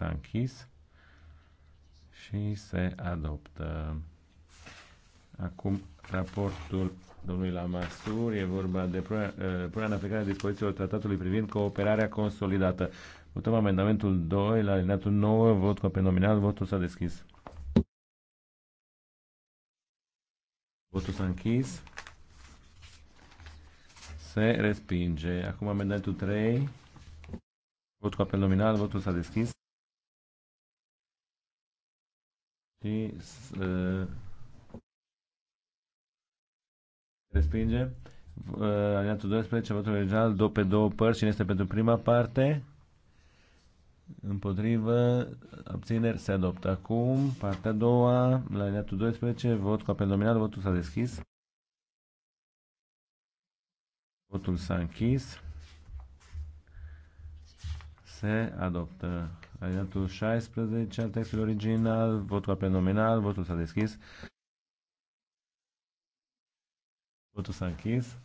S-a închis și se adoptă. Acum raportul domnului Lamasur e vorba de eh, punerea în aplicare a dispozițiilor tratatului privind cooperarea consolidată. Votăm amendamentul 2 la alineatul 9, vot cu apel nominal, votul s-a deschis. Votul s-a închis. Se respinge. Acum amendamentul 3. Vot cu apel nominal, votul s-a deschis. și uh, respinge. Uh, aliatul 12, votul original, do pe două părți. Cine este pentru prima parte? Împotrivă, abțineri, se adoptă. Acum, partea a doua, la aliatul 12, vot cu apel nominal, votul s-a deschis. Votul s-a închis. Se adoptă. Alinatul 16 al textului original, votul apel nominal, votul s-a deschis. Votul s-a închis.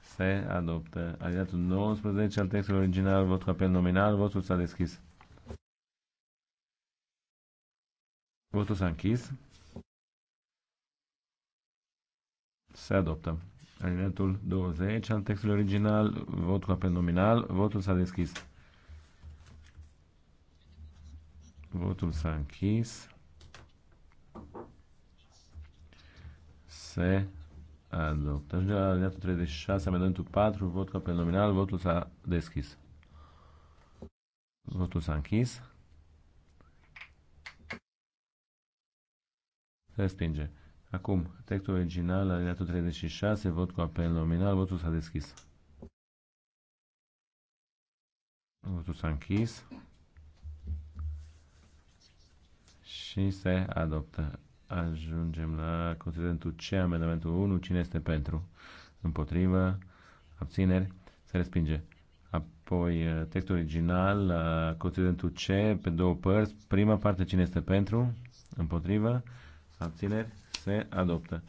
Se adoptă. Alinatul 19 al textului original, votul apel nominal, votul s-a deschis. Votul s-a închis. Se adoptă. Alineatul 20 al textului original, votul pe apel nominal, votul s-a deschis. Votul s-a închis. Se adoptă. Ajungem la alineatul 36, amendamentul 4, vot cu apel nominal, votul s-a deschis. Votul s-a închis. Se respinge. Acum, textul original, alineatul 36, vot cu apel nominal, votul s-a deschis. Votul s-a închis și se adoptă. Ajungem la considerentul C, amendamentul 1. Cine este pentru? Împotrivă? Abțineri? Se respinge. Apoi uh, textul original, uh, considerentul C, pe două părți. Prima parte, cine este pentru? Împotrivă? Abțineri? Se adoptă.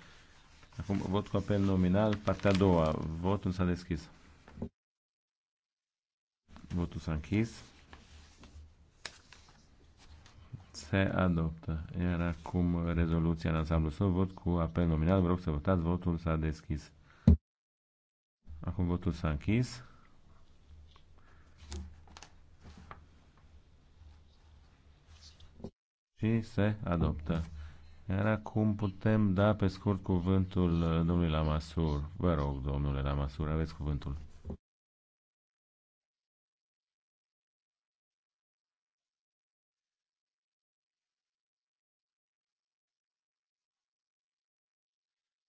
Acum vot cu apel nominal, partea a doua. Votul s-a deschis. Votul s-a închis. se adoptă. Iar acum rezoluția în ansamblu să vot cu apel nominal, vă rog să votați, votul s-a deschis. Acum votul s-a închis. Și se adoptă. Iar acum putem da pe scurt cuvântul uh, domnului Lamasur. Vă rog, domnule Lamasur, aveți cuvântul.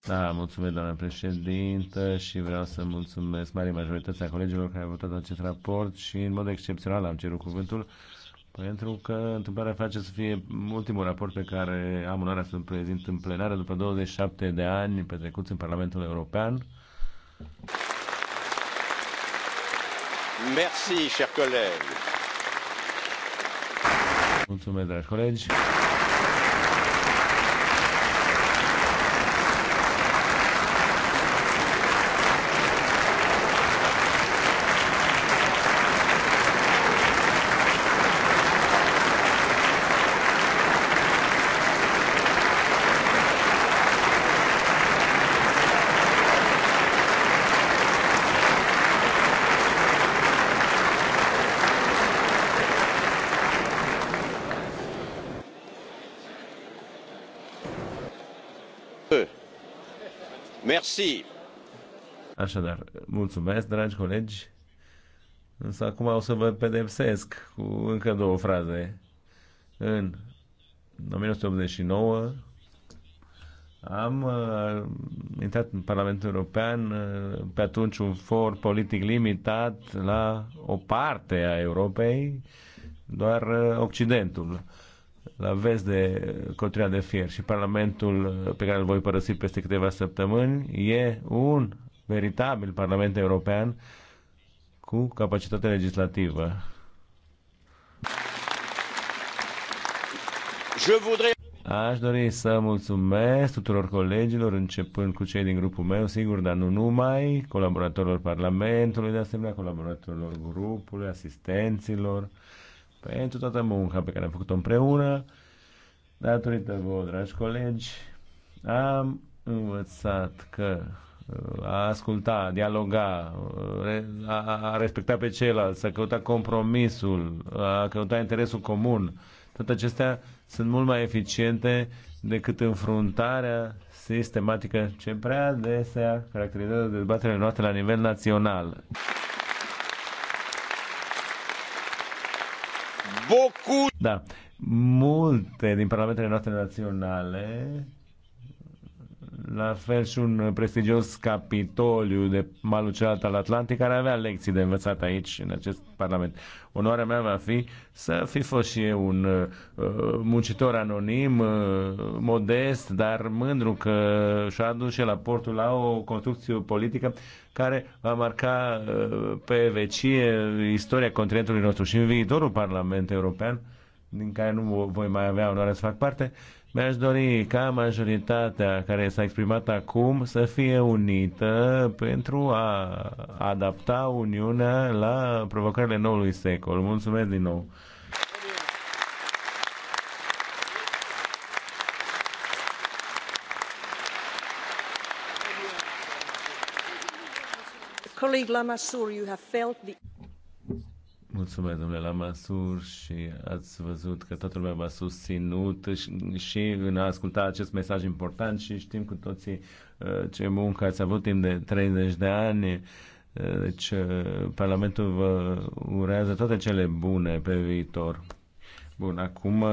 Da, mulțumesc, doamna președintă, și vreau să mulțumesc mare majoritatea colegilor care au votat acest raport și, în mod excepțional, am cerut cuvântul, pentru că întâmplarea face să fie ultimul raport pe care am onoarea să-l prezint în plenară după 27 de ani petrecuți în Parlamentul European. Merci, chers collègues. Mulțumesc, dragi colegi. Merci. Așadar, mulțumesc, dragi colegi. Însă acum o să vă pedepsesc cu încă două fraze. În 1989 am uh, intrat în Parlamentul European, uh, pe atunci un for politic limitat la o parte a Europei, doar uh, Occidentul. Uh, la vest de Cotrea de Fier și Parlamentul uh, pe care îl voi părăsi peste câteva săptămâni e un veritabil Parlament European cu capacitate legislativă. Je voudrais... Aș dori să mulțumesc tuturor colegilor, începând cu cei din grupul meu, sigur, dar nu numai, colaboratorilor Parlamentului, de asemenea, colaboratorilor grupului, asistenților, pentru toată munca pe care am făcut-o împreună. Datorită vouă, dragi colegi, am învățat că uh, a asculta, a dialoga, uh, a respecta pe ceilalți, să căuta compromisul, a căuta interesul comun, toate acestea sunt mult mai eficiente decât înfruntarea sistematică ce prea adesea caracterizează dezbaterile noastre la nivel național. beaucoup... Da, multe din parlamentele noastre naționale la fel și un prestigios capitoliu de malul celălalt al Atlantic, care avea lecții de învățat aici, în acest Parlament. Onoarea mea va fi să fi fost și eu un uh, muncitor anonim, uh, modest, dar mândru că și-a adus și la portul la o construcție politică care va marca uh, pe vecie istoria continentului nostru și în viitorul Parlament European, din care nu voi mai avea onoarea să fac parte, uh, mi-aș dori ca majoritatea care s-a exprimat acum să fie unită pentru a adapta Uniunea la provocările noului secol. Mulțumesc din nou! Coleg Lamassur, you have felt the Mulțumesc, domnule Lamasur, și ați văzut că toată lumea v-a susținut și, și în a asculta acest mesaj important și știm cu toții uh, ce muncă ați avut timp de 30 de ani. Uh, deci, uh, Parlamentul vă urează toate cele bune pe viitor. Bun, acum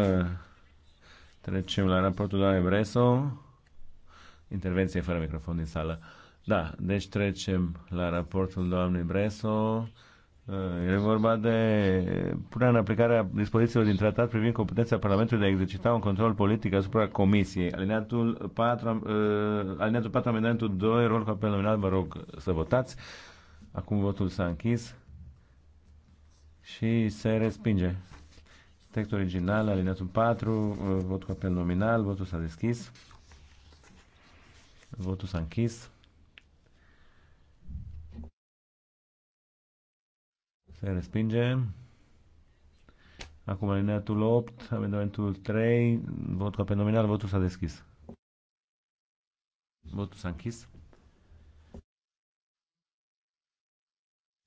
trecem la raportul doamnei Breso. Intervenție fără microfon din sală. Da, deci trecem la raportul doamnei Breso E vorba de punerea în aplicare a dispozițiilor din tratat privind competența Parlamentului de a exercita un control politic asupra Comisiei. Alineatul 4, uh, alineatul 4 amendamentul 2, rol cu apel nominal, vă rog să votați. Acum votul s-a închis și se respinge. Textul original, alineatul 4, uh, vot cu apel nominal, votul s-a deschis. Votul s-a închis. Se respinge. Acum alineatul 8, amendamentul 3, vot cu apel nominal, votul s-a deschis. Votul s-a închis.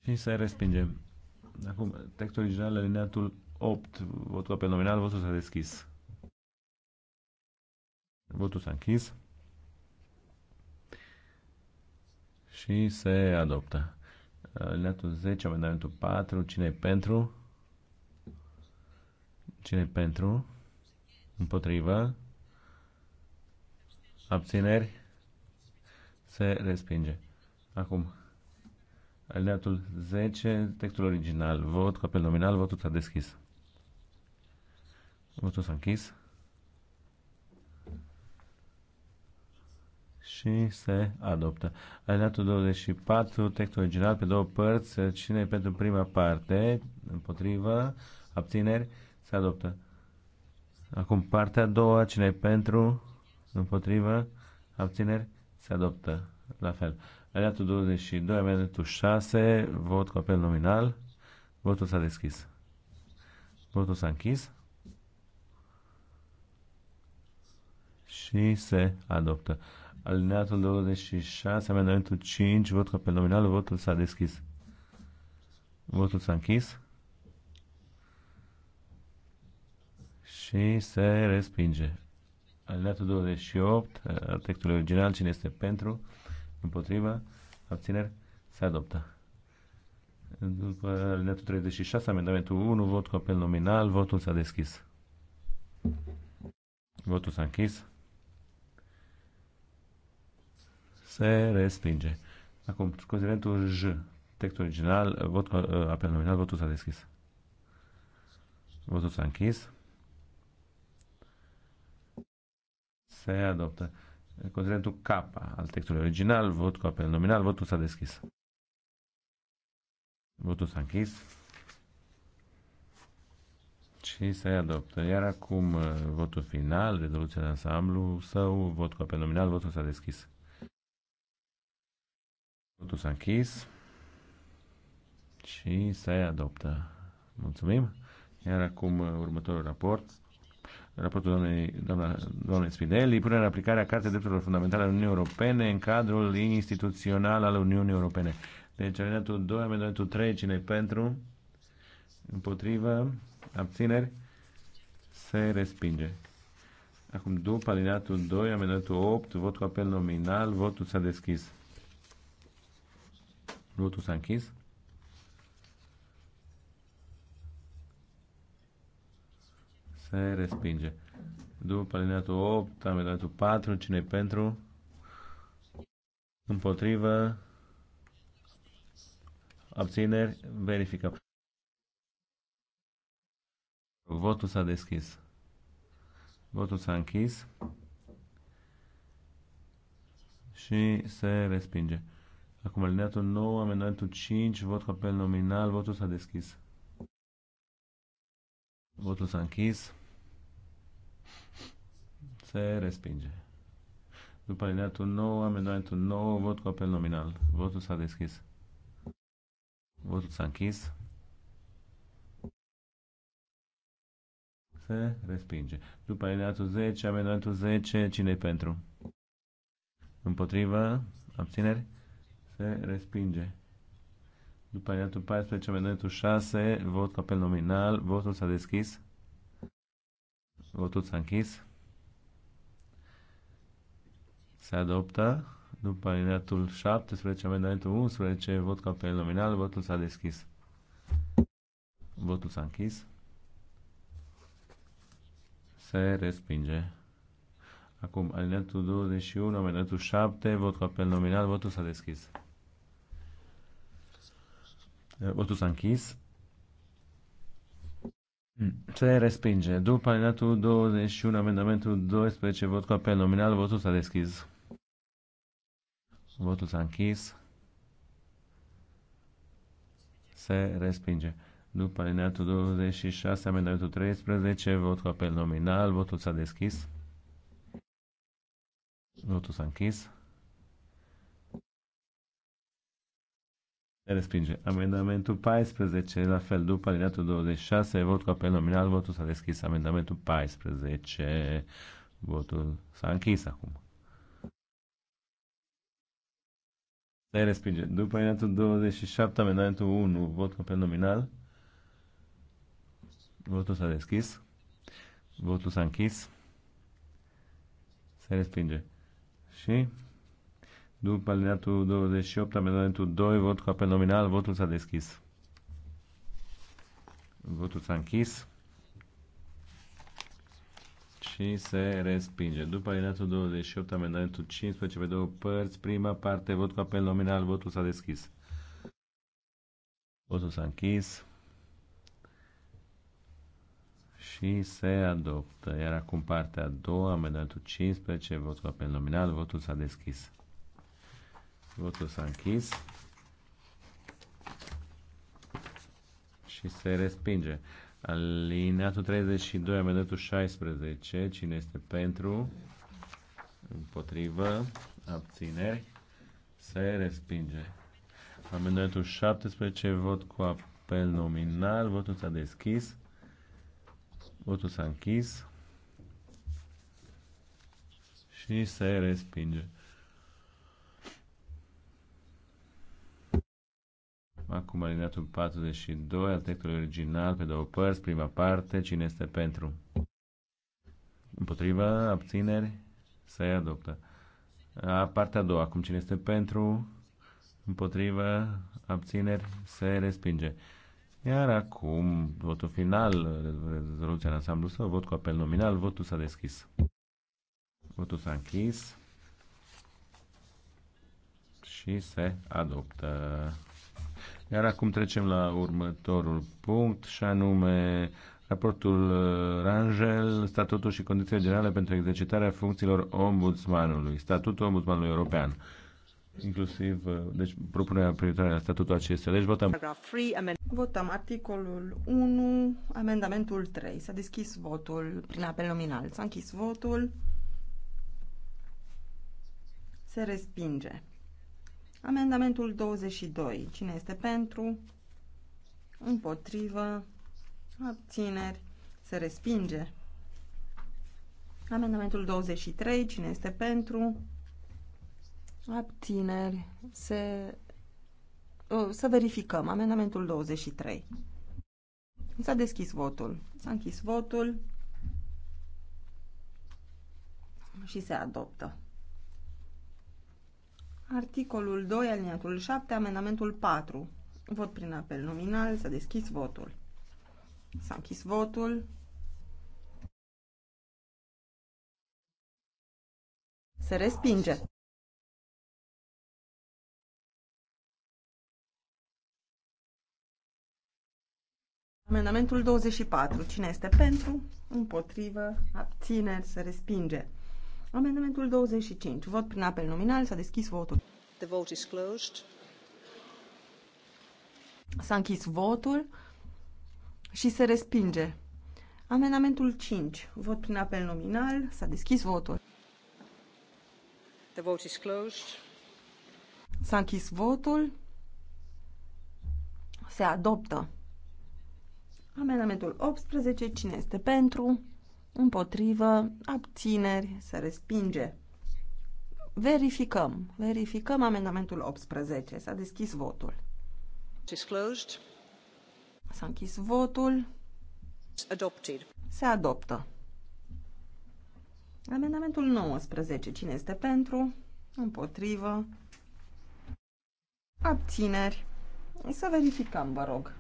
Și se respinge. Acum, textul original, alineatul 8, votul pe nominal, votul s-a deschis. Votul s-a închis. Și se adoptă. Alineatul 10, amendamentul 4, cine e pentru? cine e pentru? Împotrivă? Abțineri? Se respinge. Acum, alineatul 10, textul original, vot copil nominal, votul s-a deschis. Votul s-a închis. și se adoptă. Alineatul 24, textul original pe două părți, cine pentru prima parte, împotrivă, abțineri, se adoptă. Acum partea a doua, cine pentru, împotrivă, abțineri, se adoptă. La fel. Alineatul 22, amendamentul 6, vot cu apel nominal, votul s-a deschis. Votul s-a închis. și se adoptă. Alineatul 26, amendamentul 5, vot pe nominal, votul s-a deschis. Votul s-a închis. Și se respinge. Alineatul 28, uh, textul original, cine este pentru, împotriva, abțineri, se adoptă. După alineatul 36, amendamentul 1, vot cu apel nominal, votul s-a deschis. Votul s-a închis. Se respinge. Acum, considerentul J. Textul original, vot, uh, apel nominal, votul s-a deschis. Votul s-a închis. Se adoptă. Considerentul K al textului original, vot cu apel nominal, votul s-a deschis. Votul s-a închis. Și se adoptă. Iar acum uh, votul final, rezoluția de ansamblu său, vot cu apel nominal, votul s-a deschis. Votul s-a închis și se adoptă. Mulțumim. Iar acum uh, următorul raport. Raportul doamnei, doamna, doamnei Spinelli, punerea în aplicare a Cartei Drepturilor Fundamentale ale Uniunii Europene în cadrul instituțional al Uniunii Europene. Deci, alineatul 2, amendamentul 3, cine pentru, împotrivă, abțineri, se respinge. Acum, după alineatul 2, amendamentul 8, vot cu apel nominal, votul s-a deschis. Votul s-a închis. Se respinge. După alineatul 8, alineatul 4, cine pentru? Împotrivă? Abțineri? Verificăm. Votul s-a deschis. Votul s-a închis și se respinge. Acum alineatul nou amendamentul 5, vot cu apel nominal, votul s-a deschis. Votul s-a închis. Se respinge. După alineatul nou amendamentul nou, vot cu apel nominal. Votul s-a deschis. Votul s-a închis. Se respinge. După alineatul 10, amendamentul 10, cine pentru? Împotrivă? Abțineri? se respinge. După aliatul 14, amendamentul 6, vot pe apel nominal, votul s-a deschis, votul s-a închis, se adoptă. După alineatul 17, amendamentul 11, vot pe apel nominal, votul s-a deschis. Votul s-a închis. Se respinge. Acum, alineatul 21, amendamentul 7, vot cu apel nominal, votul s-a deschis. Eh, votul s-a închis. Hmm, se respinge. După alinatul 21, amendamentul 12, vot cu apel nominal, votul s-a deschis. Votul s-a închis. Se respinge. După alineatul 26, amendamentul 13, vot cu apel nominal, votul s-a deschis. Votul s-a închis. Se respinge. Amendamentul 14, la fel, după alineatul 26, vot cu apel nominal, votul s-a deschis. Amendamentul 14, votul s-a închis acum. Se respinge. După alineatul 27, amendamentul 1, vot cu apel nominal, votul s-a deschis. Votul s-a închis. Se respinge. Și după alineatul 28, amendamentul 2, vot cu apel nominal, votul s-a deschis. Votul s-a închis și se respinge. După alineatul 28, amendamentul 15 pe două părți, prima parte, vot cu apel nominal, votul s-a deschis. Votul s-a închis și se adoptă. Iar acum partea a doua, amendamentul 15, vot cu apel nominal, votul s-a deschis. Votul s-a închis. Și se respinge. Alineatul 32, amendatul 16. Cine este pentru? Împotrivă. Abțineri. Se respinge. Amendamentul 17, vot cu apel nominal. Votul s-a deschis. Votul s-a închis. Și se respinge. Acum alineatul 42 al textului original pe două părți, prima parte, cine este pentru? Împotriva, abțineri, se adoptă. A, partea a doua, acum cine este pentru? Împotriva, abțineri, se respinge. Iar acum, votul final, rezoluția în ansamblu său, vot cu apel nominal, votul s-a deschis. Votul s-a închis și se adoptă. Iar acum trecem la următorul punct, și anume raportul uh, Rangel, statutul și condițiile generale pentru exercitarea funcțiilor ombudsmanului, statutul ombudsmanului european, inclusiv uh, deci, propunerea privitoare la statutul acestuia. Deci votăm. Votăm articolul 1, amendamentul 3. S-a deschis votul prin apel nominal. S-a închis votul. Se respinge. Amendamentul 22. Cine este pentru? Împotrivă? Abțineri? Se respinge. Amendamentul 23. Cine este pentru? Abțineri? Se... Să verificăm. Amendamentul 23. S-a deschis votul. S-a închis votul și se adoptă. Articolul 2, alineatul 7, amendamentul 4. Vot prin apel nominal. S-a deschis votul. S-a închis votul. Se respinge. Amendamentul 24. Cine este pentru? Împotrivă. Abțineri. Se respinge. Amendamentul 25. Vot prin apel nominal. S-a deschis votul. The vote is closed. S-a închis votul și se respinge. Amendamentul 5. Vot prin apel nominal. S-a deschis votul. The vote is closed. S-a închis votul. Se adoptă. Amendamentul 18. Cine este pentru? împotrivă, abțineri, se respinge. Verificăm. Verificăm amendamentul 18. S-a deschis votul. S-a închis votul. Adopted. Se adoptă. Amendamentul 19. Cine este pentru? Împotrivă. Abțineri. Să verificăm, vă rog.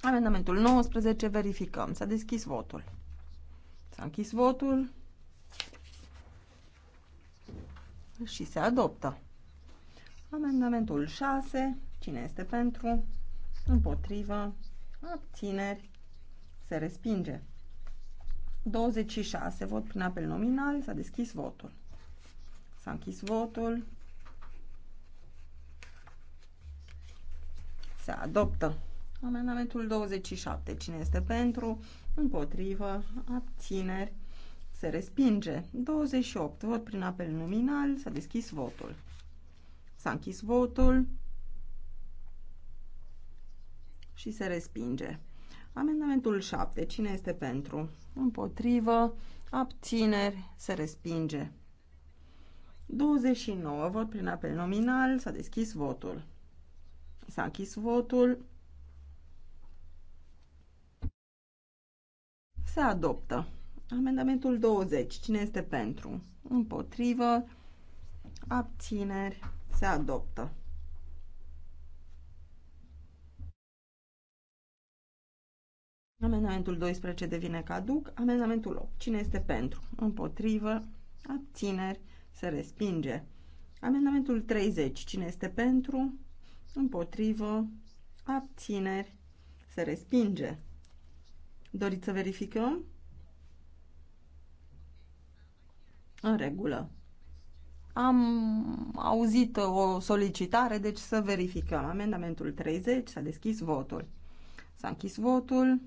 Amendamentul 19. Verificăm. S-a deschis votul. S-a închis votul și se adoptă. Amendamentul 6. Cine este pentru? Împotrivă? Abțineri? Se respinge. 26. Vot prin apel nominal. S-a deschis votul. S-a închis votul. Se adoptă. Amendamentul 27. Cine este pentru? Împotrivă. Abțineri. Se respinge. 28. Vot prin apel nominal. S-a deschis votul. S-a închis votul. Și se respinge. Amendamentul 7. Cine este pentru? Împotrivă. Abțineri. Se respinge. 29. Vot prin apel nominal. S-a deschis votul. S-a închis votul Se adoptă. Amendamentul 20. Cine este pentru? Împotrivă. Abțineri. Se adoptă. Amendamentul 12 devine caduc. Amendamentul 8. Cine este pentru? Împotrivă. Abțineri. Se respinge. Amendamentul 30. Cine este pentru? Împotrivă. Abțineri. Se respinge. Doriți să verificăm? În regulă. Am auzit o solicitare, deci să verificăm. Amendamentul 30 s-a deschis votul. S-a închis votul.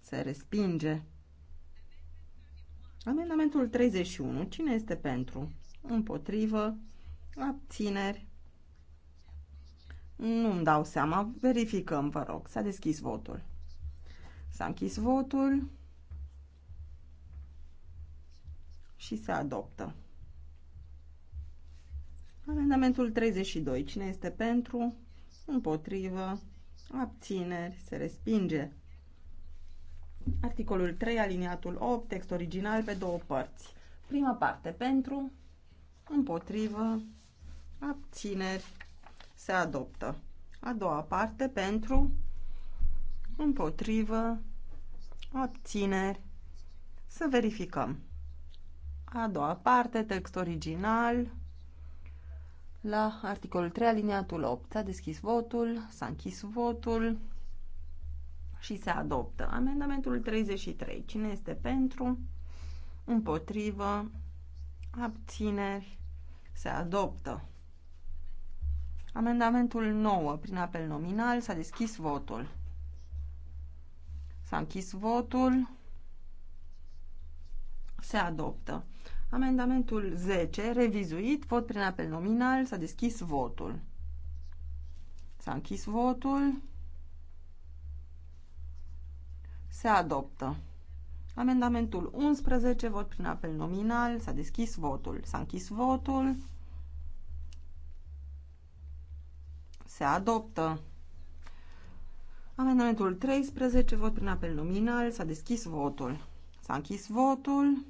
Se respinge. Amendamentul 31. Cine este pentru? Împotrivă. Abțineri. Nu-mi dau seama. Verificăm, vă rog. S-a deschis votul. S-a închis votul și se adoptă. Amendamentul 32. Cine este pentru? Împotrivă? Abțineri? Se respinge. Articolul 3, aliniatul 8, text original pe două părți. Prima parte pentru, împotrivă, abțineri, se adoptă. A doua parte pentru, împotrivă, abțineri. Să verificăm. A doua parte, text original, la articolul 3, aliniatul 8. S-a deschis votul, s-a închis votul și se adoptă. Amendamentul 33. Cine este pentru? Împotrivă? Abțineri? Se adoptă. Amendamentul 9, prin apel nominal, s-a deschis votul. S-a închis votul. Se adoptă. Amendamentul 10, revizuit, vot prin apel nominal, s-a deschis votul. S-a închis votul. Se adoptă. Amendamentul 11, vot prin apel nominal, s-a deschis votul. S-a închis votul. se adoptă. Amendamentul 13, vot prin apel nominal, s-a deschis votul. S-a închis votul.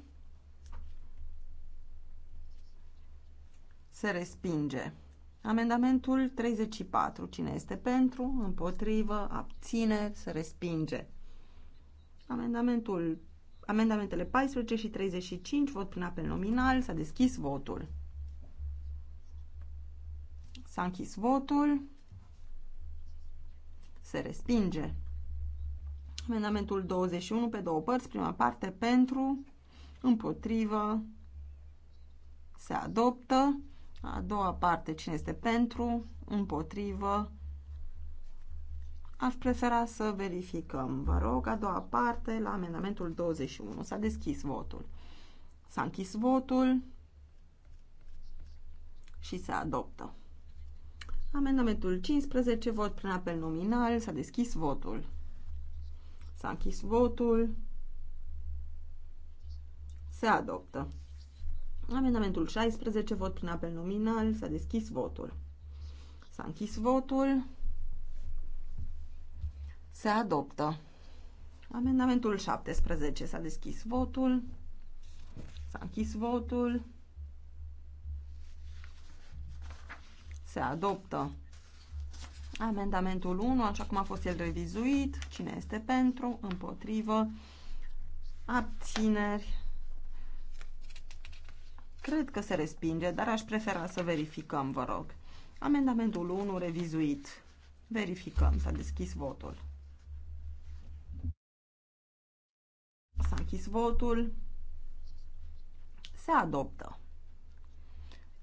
Se respinge. Amendamentul 34. Cine este pentru, împotrivă, abține, se respinge. Amendamentul, amendamentele 14 și 35, vot prin apel nominal, s-a deschis votul. S-a închis votul se respinge. Amendamentul 21 pe două părți, prima parte pentru, împotrivă, se adoptă. A doua parte, cine este pentru, împotrivă, aș prefera să verificăm. Vă rog, a doua parte, la amendamentul 21, s-a deschis votul. S-a închis votul și se adoptă. Amendamentul 15, vot prin apel nominal, s-a deschis votul. S-a închis votul. Se adoptă. Amendamentul 16, vot prin apel nominal, s-a deschis votul. S-a închis votul. Se adoptă. Amendamentul 17, s-a deschis votul. S-a închis votul. Se adoptă. Amendamentul 1, așa cum a fost el revizuit. Cine este pentru? Împotrivă. Abțineri. Cred că se respinge, dar aș prefera să verificăm, vă rog. Amendamentul 1 revizuit. Verificăm. S-a deschis votul. S-a închis votul. Se adoptă.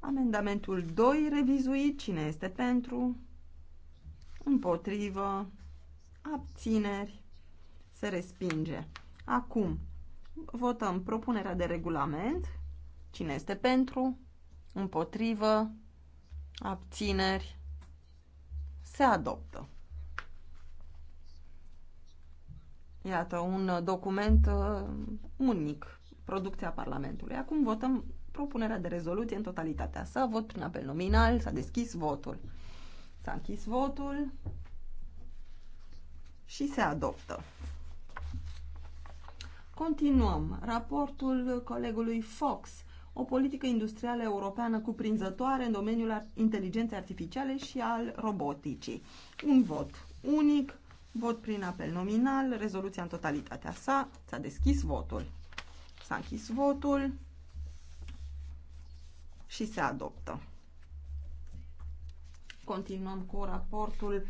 Amendamentul 2 revizuit. Cine este pentru? Împotrivă. Abțineri. Se respinge. Acum votăm propunerea de regulament. Cine este pentru? Împotrivă. Abțineri. Se adoptă. Iată, un document uh, unic, producția Parlamentului. Acum votăm propunerea de rezoluție în totalitatea sa. Vot prin apel nominal. S-a deschis votul. S-a închis votul și se adoptă. Continuăm. Raportul colegului Fox. O politică industrială europeană cuprinzătoare în domeniul inteligenței artificiale și al roboticii. Un vot unic, vot prin apel nominal, rezoluția în totalitatea sa. S-a deschis votul. S-a închis votul și se adoptă. Continuăm cu raportul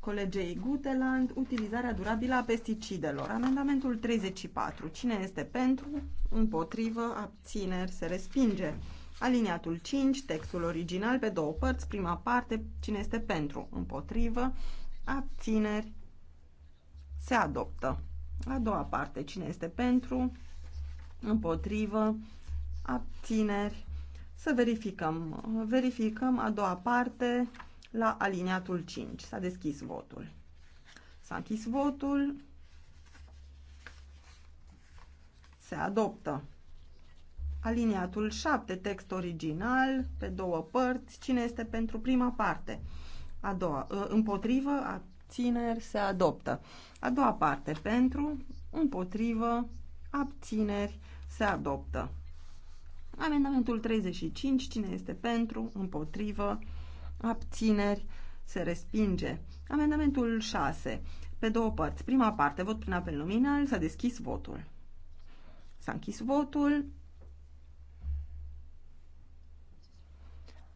colegei Guteland, utilizarea durabilă a pesticidelor. Amendamentul 34. Cine este pentru? Împotrivă? Abțineri? Se respinge. Aliniatul 5, textul original pe două părți, prima parte, cine este pentru? Împotrivă? Abțineri? Se adoptă. A doua parte, cine este pentru? Împotrivă? Abțineri? Să verificăm. Verificăm a doua parte la aliniatul 5. S-a deschis votul. S-a închis votul. Se adoptă. Aliniatul 7, text original, pe două părți. Cine este pentru prima parte? A doua, ă, împotrivă, abțineri, se adoptă. A doua parte, pentru, împotrivă, abțineri, se adoptă. Amendamentul 35, cine este pentru, împotrivă, abțineri, se respinge. Amendamentul 6, pe două părți. Prima parte, vot prin apel nominal, s-a deschis votul. S-a închis votul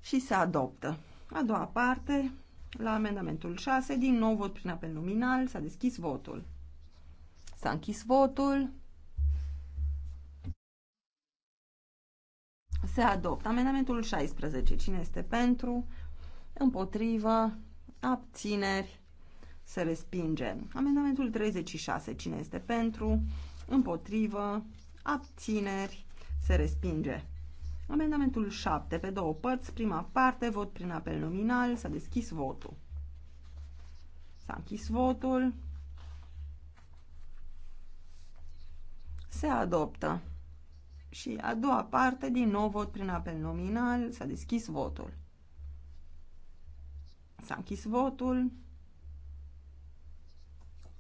și se adoptă. A doua parte, la amendamentul 6, din nou vot prin apel nominal, s-a deschis votul. S-a închis votul. se adoptă. Amendamentul 16. Cine este pentru? Împotrivă? Abțineri? Se respinge. Amendamentul 36. Cine este pentru? Împotrivă? Abțineri? Se respinge. Amendamentul 7. Pe două părți, prima parte, vot prin apel nominal, s-a deschis votul. S-a închis votul. Se adoptă. Și a doua parte, din nou vot prin apel nominal, s-a deschis votul. S-a închis votul.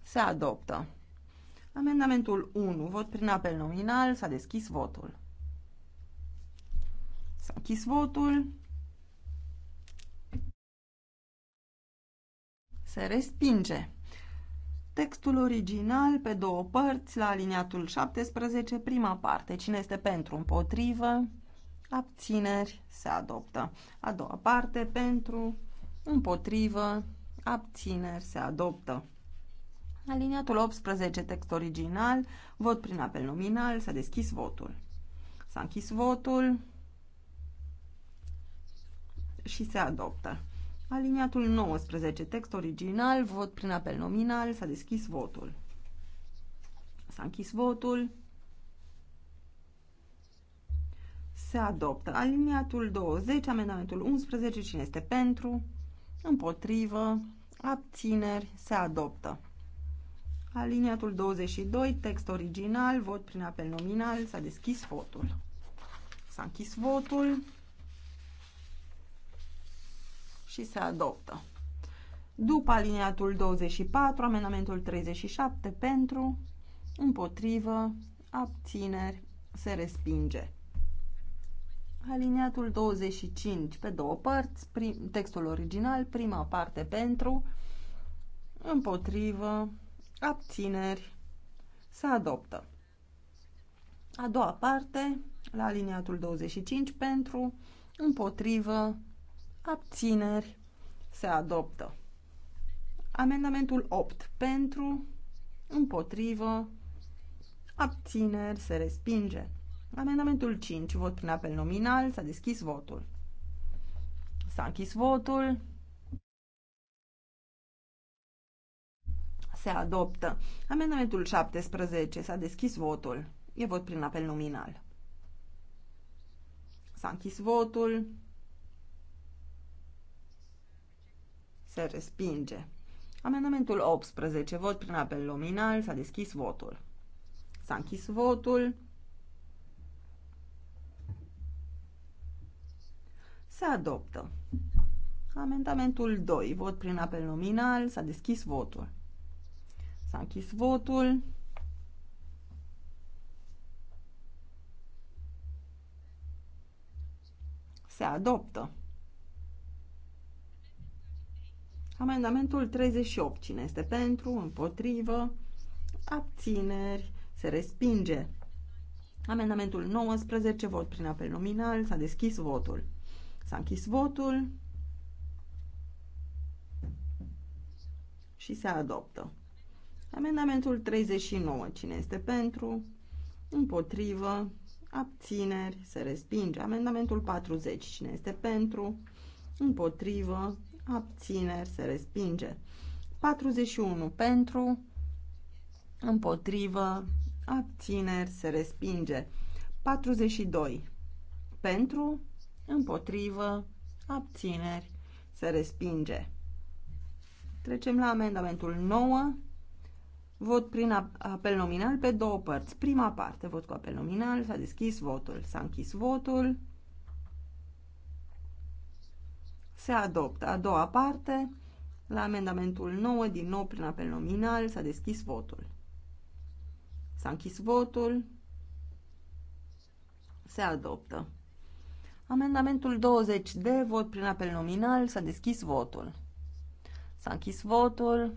Se adoptă. Amendamentul 1, vot prin apel nominal, s-a deschis votul. S-a închis votul. Se respinge. Textul original pe două părți, la aliniatul 17, prima parte. Cine este pentru, împotrivă, abțineri, se adoptă. A doua parte, pentru, împotrivă, abțineri, se adoptă. Aliniatul 18, text original, vot prin apel nominal, s-a deschis votul. S-a închis votul și se adoptă. Aliniatul 19, text original, vot prin apel nominal, s-a deschis votul. S-a închis votul. Se adoptă aliniatul 20, amendamentul 11, cine este pentru, împotrivă, abțineri, se adoptă. Aliniatul 22, text original, vot prin apel nominal, s-a deschis votul. S-a închis votul și se adoptă. După aliniatul 24, amendamentul 37 pentru, împotrivă, abțineri, se respinge. Aliniatul 25 pe două părți, prim, textul original, prima parte pentru, împotrivă, abțineri, se adoptă. A doua parte, la aliniatul 25, pentru, împotrivă, abțineri, se adoptă. Amendamentul 8 pentru, împotrivă, abțineri, se respinge. Amendamentul 5, vot prin apel nominal, s-a deschis votul. S-a închis votul. Se adoptă. Amendamentul 17, s-a deschis votul. E vot prin apel nominal. S-a închis votul. Se respinge. Amendamentul 18. Vot prin apel nominal. S-a deschis votul. S-a închis votul. Se adoptă. Amendamentul 2. Vot prin apel nominal. S-a deschis votul. S-a închis votul. Se adoptă. Amendamentul 38. Cine este pentru? Împotrivă? Abțineri? Se respinge. Amendamentul 19. Vot prin apel nominal. S-a deschis votul. S-a închis votul. Și se adoptă. Amendamentul 39. Cine este pentru? Împotrivă? Abțineri? Se respinge. Amendamentul 40. Cine este pentru? Împotrivă? abțineri, se respinge. 41 pentru, împotrivă, abțineri, se respinge. 42 pentru, împotrivă, abțineri, se respinge. Trecem la amendamentul 9, vot prin apel nominal pe două părți. Prima parte, vot cu apel nominal, s-a deschis votul, s-a închis votul se adoptă. A doua parte, la amendamentul 9, din nou prin apel nominal, s-a deschis votul. S-a închis votul. Se adoptă. Amendamentul 20 de vot prin apel nominal, s-a deschis votul. S-a închis votul.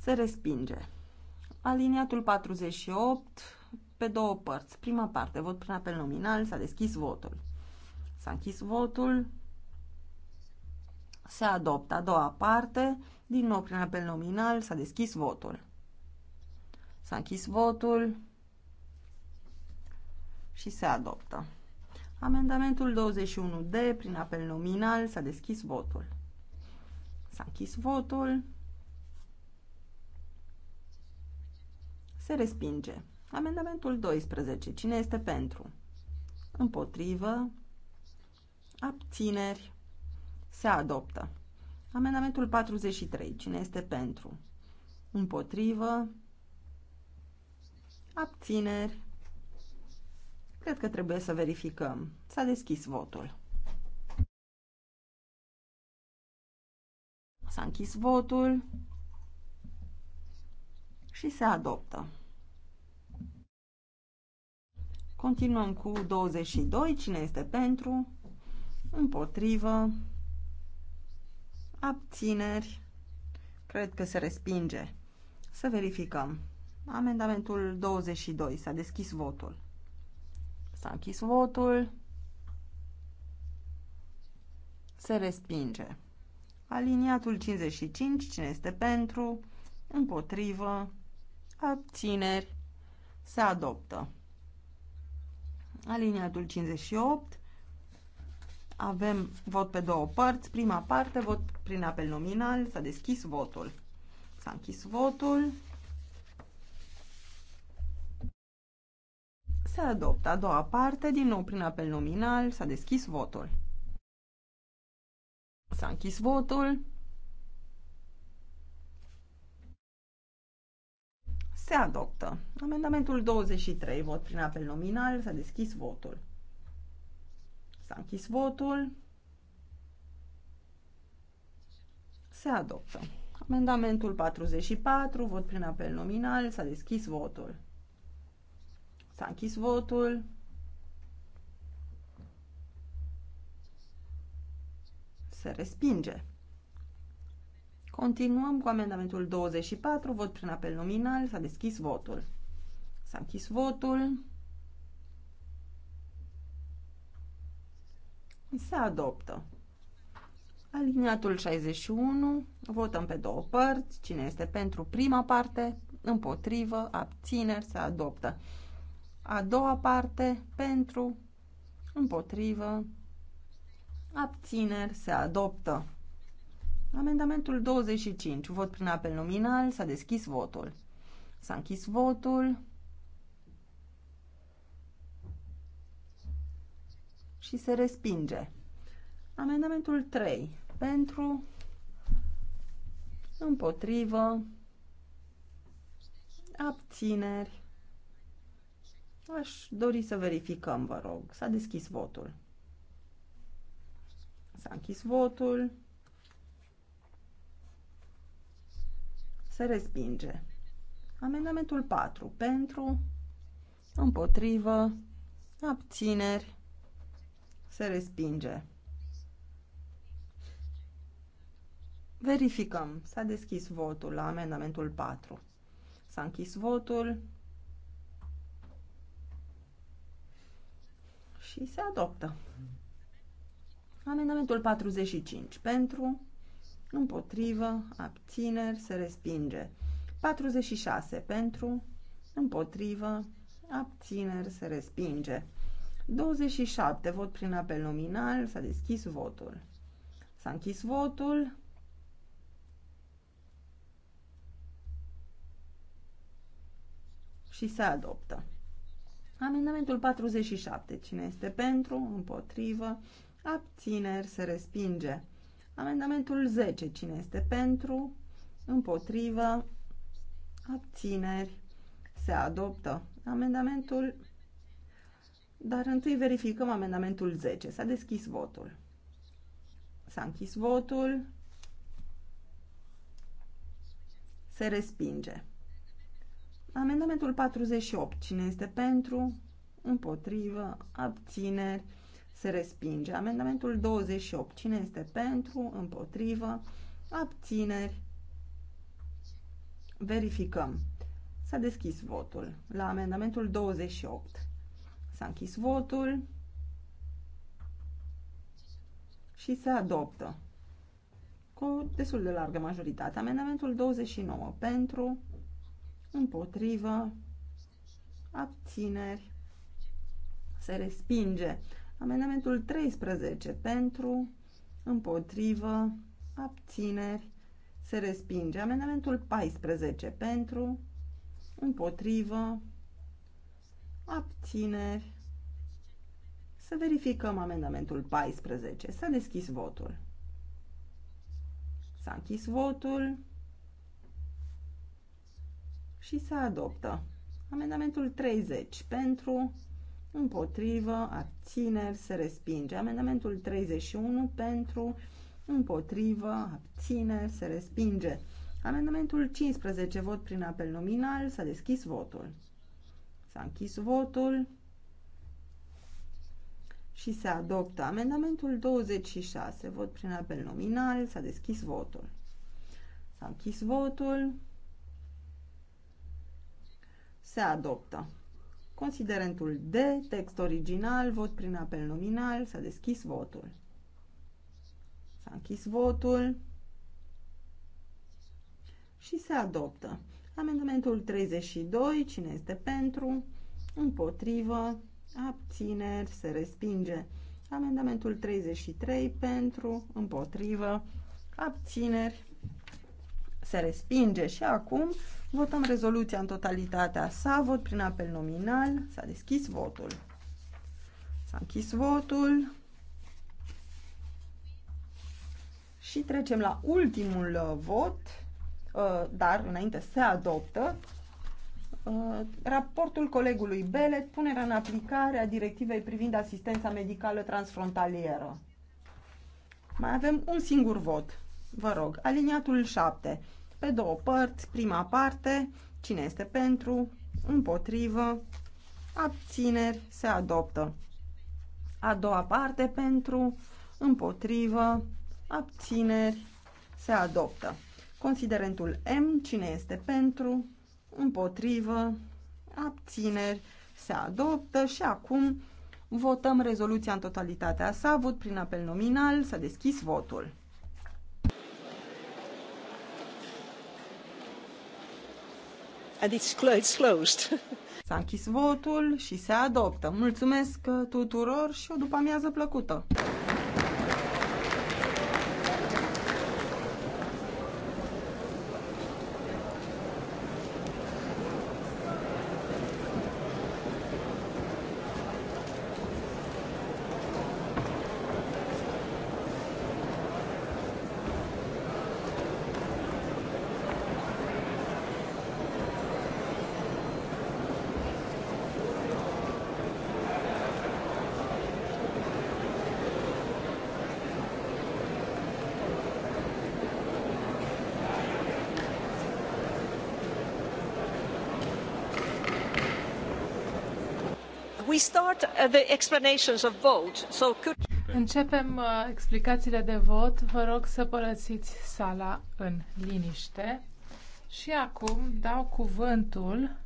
Se respinge. Aliniatul 48, pe două părți. Prima parte, vot prin apel nominal, s-a deschis votul. S-a închis votul, se adoptă a doua parte, din nou prin apel nominal, s-a deschis votul. S-a închis votul și se adoptă. Amendamentul 21D, prin apel nominal, s-a deschis votul. S-a închis votul. Se respinge. Amendamentul 12. Cine este pentru? Împotrivă. Abțineri. Se adoptă. Amendamentul 43. Cine este pentru? Împotrivă. Abțineri. Cred că trebuie să verificăm. S-a deschis votul. S-a închis votul și se adoptă. Continuăm cu 22. Cine este pentru? Împotrivă. Abțineri. Cred că se respinge. Să verificăm. Amendamentul 22. S-a deschis votul. S-a închis votul. Se respinge. Aliniatul 55. Cine este pentru? Împotrivă. Abțineri. Se adoptă. Aliniatul 58. Avem vot pe două părți. Prima parte, vot prin apel nominal. S-a deschis votul. S-a închis votul. Se adoptă a doua parte, din nou prin apel nominal. S-a deschis votul. S-a închis votul. Se adoptă. Amendamentul 23, vot prin apel nominal, s-a deschis votul. S-a închis votul. Se adoptă. Amendamentul 44, vot prin apel nominal, s-a deschis votul. S-a închis votul. Se respinge. Continuăm cu amendamentul 24, vot prin apel nominal, s-a deschis votul. S-a închis votul. Se adoptă. Aliniatul 61, votăm pe două părți, cine este pentru prima parte, împotrivă, abțineri, se adoptă. A doua parte, pentru, împotrivă, abțineri, se adoptă. Amendamentul 25. Vot prin apel nominal. S-a deschis votul. S-a închis votul. Și se respinge. Amendamentul 3. Pentru, împotrivă, abțineri. Aș dori să verificăm, vă rog. S-a deschis votul. S-a închis votul. Se respinge. Amendamentul 4. Pentru, împotrivă, abțineri, se respinge. Verificăm. S-a deschis votul la amendamentul 4. S-a închis votul și se adoptă. Amendamentul 45. Pentru, împotrivă, abțineri, se respinge. 46 pentru, împotrivă, abțineri, se respinge. 27 vot prin apel nominal, s-a deschis votul. S-a închis votul. Și se adoptă. Amendamentul 47. Cine este pentru, împotrivă, abțineri, se respinge. Amendamentul 10. Cine este pentru? Împotrivă? Abțineri? Se adoptă. Amendamentul... Dar întâi verificăm amendamentul 10. S-a deschis votul. S-a închis votul. Se respinge. Amendamentul 48. Cine este pentru? Împotrivă? Abțineri? se respinge. Amendamentul 28. Cine este pentru, împotrivă, abțineri? Verificăm. S-a deschis votul la amendamentul 28. S-a închis votul și se adoptă cu destul de largă majoritate. Amendamentul 29 pentru, împotrivă, abțineri, se respinge. Amendamentul 13 pentru, împotrivă, abțineri, se respinge. Amendamentul 14 pentru, împotrivă, abțineri. Să verificăm amendamentul 14. S-a deschis votul. S-a închis votul și se adoptă. Amendamentul 30 pentru, împotrivă, abțineri, se respinge. Amendamentul 31 pentru, împotrivă, abțineri, se respinge. Amendamentul 15, vot prin apel nominal, s-a deschis votul. S-a închis votul și se adoptă amendamentul 26, vot prin apel nominal, s-a deschis votul. S-a închis votul, se adoptă. Considerentul D, text original, vot prin apel nominal, s-a deschis votul. S-a închis votul și se adoptă. Amendamentul 32, cine este pentru, împotrivă, abțineri, se respinge. Amendamentul 33, pentru, împotrivă, abțineri, se respinge și acum votăm rezoluția în totalitatea sa, vot prin apel nominal, s-a deschis votul. S-a închis votul și trecem la ultimul uh, vot, uh, dar înainte se adoptă uh, raportul colegului Belet, punerea în aplicare a directivei privind asistența medicală transfrontalieră. Mai avem un singur vot. Vă rog, aliniatul 7. Pe două părți, prima parte, cine este pentru, împotrivă, abțineri, se adoptă. A doua parte, pentru, împotrivă, abțineri, se adoptă. Considerentul M, cine este pentru, împotrivă, abțineri, se adoptă și acum votăm rezoluția în totalitatea sa, vot prin apel nominal, s-a deschis votul. And it's closed. S-a închis votul și se adoptă. Mulțumesc uh, tuturor și o după amiază plăcută! Începem explicațiile de vot. Vă rog să părăsiți sala în liniște. Și acum dau cuvântul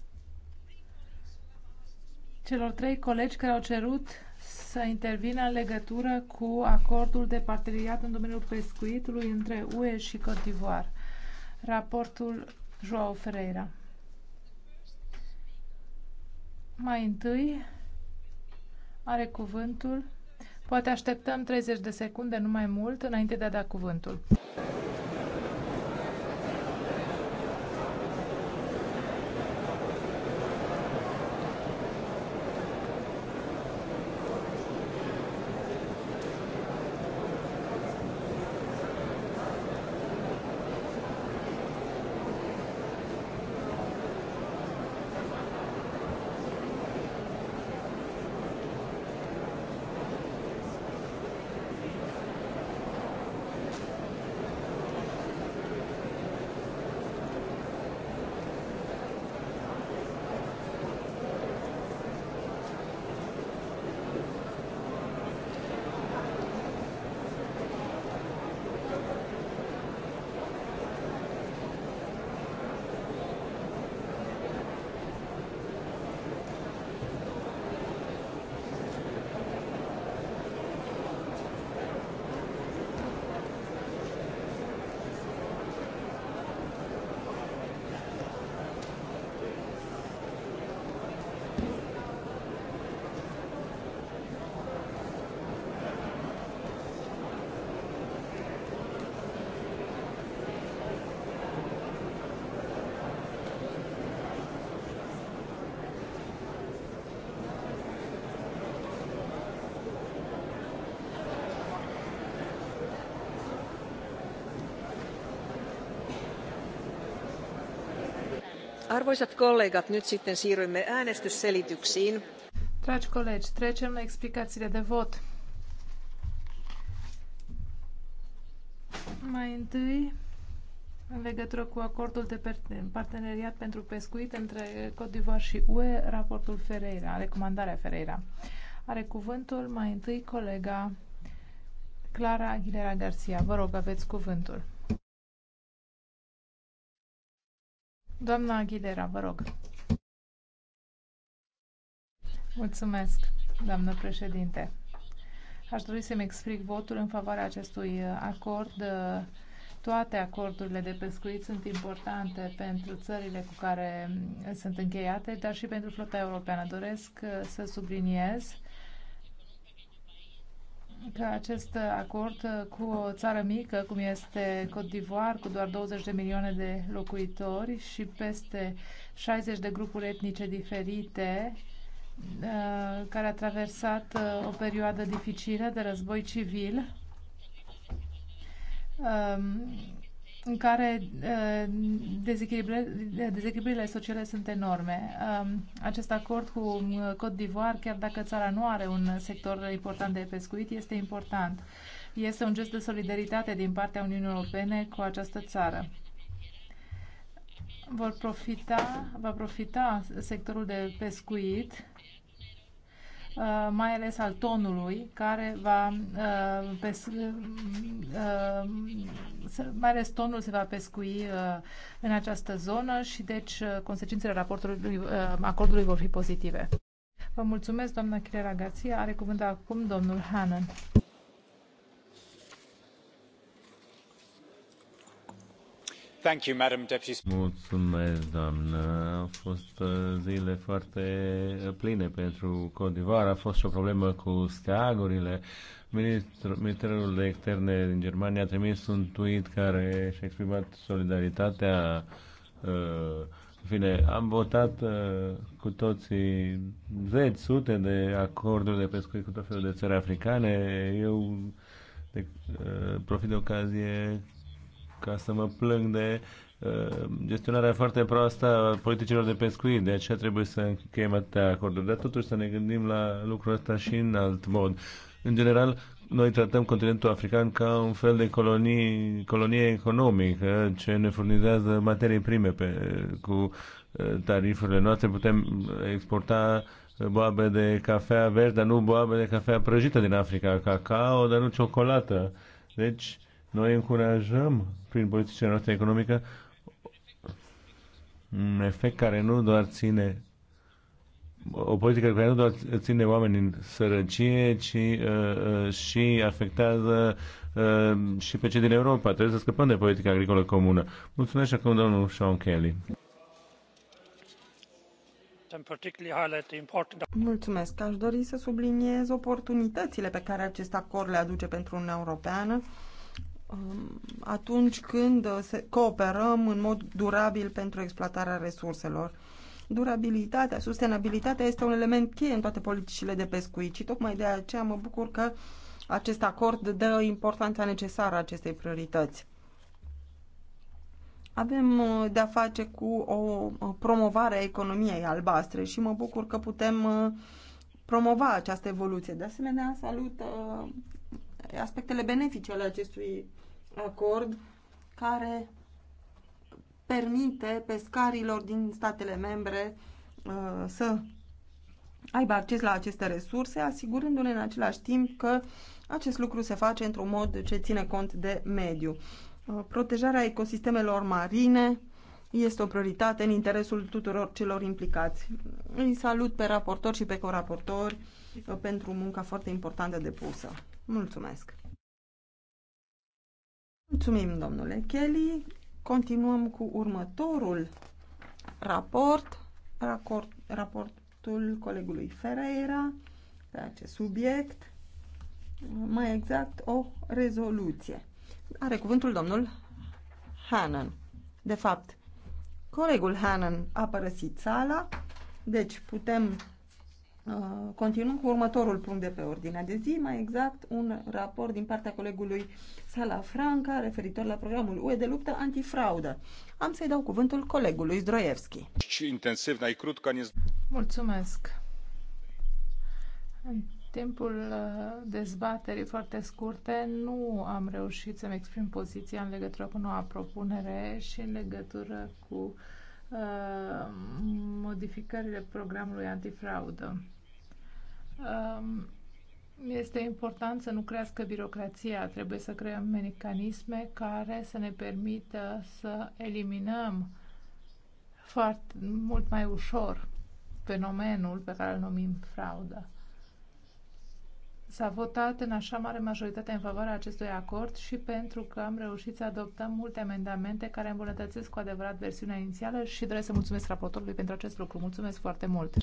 celor trei colegi care au cerut să intervină în legătură cu acordul de parteneriat în domeniul pescuitului între UE și d'Ivoire. Raportul João Ferreira. Mai întâi, are cuvântul. Poate așteptăm 30 de secunde, nu mai mult, înainte de a da cuvântul. Arvoisat kollegat, nyt sitten siirrymme äänestysselityksiin. Dragi colegi, trecem la explicațiile de vot. Mai întâi, în legătură cu acordul de parteneriat pentru pescuit între Cote d'Ivoire și UE, raportul Ferreira, recomandarea Ferreira. Are cuvântul mai întâi colega Clara Aguilera Garcia. Vă rog, aveți cuvântul. Doamna Aguilera, vă rog. Mulțumesc, doamnă președinte. Aș dori să-mi explic votul în favoarea acestui acord. Toate acordurile de pescuit sunt importante pentru țările cu care sunt încheiate, dar și pentru flota europeană. Doresc să subliniez ca acest acord uh, cu o țară mică, cum este Côte d'Ivoire, cu doar 20 de milioane de locuitori și peste 60 de grupuri etnice diferite, uh, care a traversat uh, o perioadă dificilă de război civil, um, în care uh, dezechilibrele sociale sunt enorme. Um, acest acord cu uh, Côte d'Ivoire, chiar dacă țara nu are un sector important de pescuit, este important. Este un gest de solidaritate din partea Uniunii Europene cu această țară. Vor profita, va profita sectorul de pescuit Uh, mai ales al tonului, care va uh, pes, uh, mai ales tonul se va pescui în această zonă și deci consecințele raportului acordului vor fi pozitive. Vă mulțumesc, doamna Chirera Garcia. Are cuvânt acum domnul Hannan. Mulțumesc, doamnă. Au fost uh, zile foarte uh, pline pentru Codivar. A fost și o problemă cu steagurile. Ministerul de Externe din Germania a trimis un tweet care și-a exprimat solidaritatea. Uh, în fine, am votat cu toții zeci, sute de acorduri de pescuit cu tot felul de țări africane. Eu de, profit de ocazie ca să mă plâng de uh, gestionarea foarte proastă a politicilor de pescuit, de aceea trebuie să încheiem atâtea acorduri, dar totuși să ne gândim la lucrul ăsta și în alt mod. În general, noi tratăm continentul african ca un fel de colonie, colonie economică ce ne furnizează materii prime pe, cu uh, tarifurile noastre. Putem exporta boabe de cafea verde, dar nu boabe de cafea prăjită din Africa, cacao, dar nu ciocolată. Deci, noi încurajăm, prin politicile noastre economică, un efect care nu doar ține o politică care nu doar ține oamenii în sărăcie, ci uh, uh și afectează uh, și pe cei din Europa. Trebuie să scăpăm de politica agricolă comună. Mulțumesc acum domnul Sean Kelly. Mulțumesc. Aș dori să subliniez oportunitățile pe care acest acord le aduce pentru Uniunea Europeană Um, atunci când uh, cooperăm în mod durabil pentru exploatarea resurselor. Durabilitatea, sustenabilitatea este un element cheie în toate politicile de pescuit și tocmai de aceea mă bucur că acest acord dă importanța necesară acestei priorități. Avem uh, de-a face cu o promovare a economiei albastre și mă bucur că putem uh, promova această evoluție. De asemenea, salut aspectele benefice ale acestui acord care permite pescarilor din statele membre uh, să aibă acces la aceste resurse, asigurându-le în același timp că acest lucru se face într-un mod ce ține cont de mediu. Uh, protejarea ecosistemelor marine este o prioritate în interesul tuturor celor implicați. Îi salut pe raportori și pe coraportori uh, pentru munca foarte importantă depusă. Mulțumesc! Mulțumim, domnule Kelly. Continuăm cu următorul raport, raport raportul colegului Ferreira pe acest subiect, mai exact o rezoluție. Are cuvântul domnul Hannon De fapt, colegul Hannon a părăsit sala, deci putem Uh, continuăm cu următorul punct de pe ordinea de zi, mai exact un raport din partea colegului Sala Franca referitor la programul UE de luptă antifraudă. Am să-i dau cuvântul colegului Zdroievski. Intensiv, n-ai crut că Mulțumesc. În timpul uh, dezbaterii foarte scurte nu am reușit să-mi exprim poziția în legătură cu noua propunere și în legătură cu uh, modificările programului antifraudă. Um, este important să nu crească birocrația. Trebuie să creăm mecanisme care să ne permită să eliminăm foarte mult mai ușor fenomenul pe care îl numim fraudă s-a votat în așa mare majoritate în favoarea acestui acord și pentru că am reușit să adoptăm multe amendamente care îmbunătățesc cu adevărat versiunea inițială și doresc să mulțumesc raportorului pentru acest lucru. Mulțumesc foarte mult!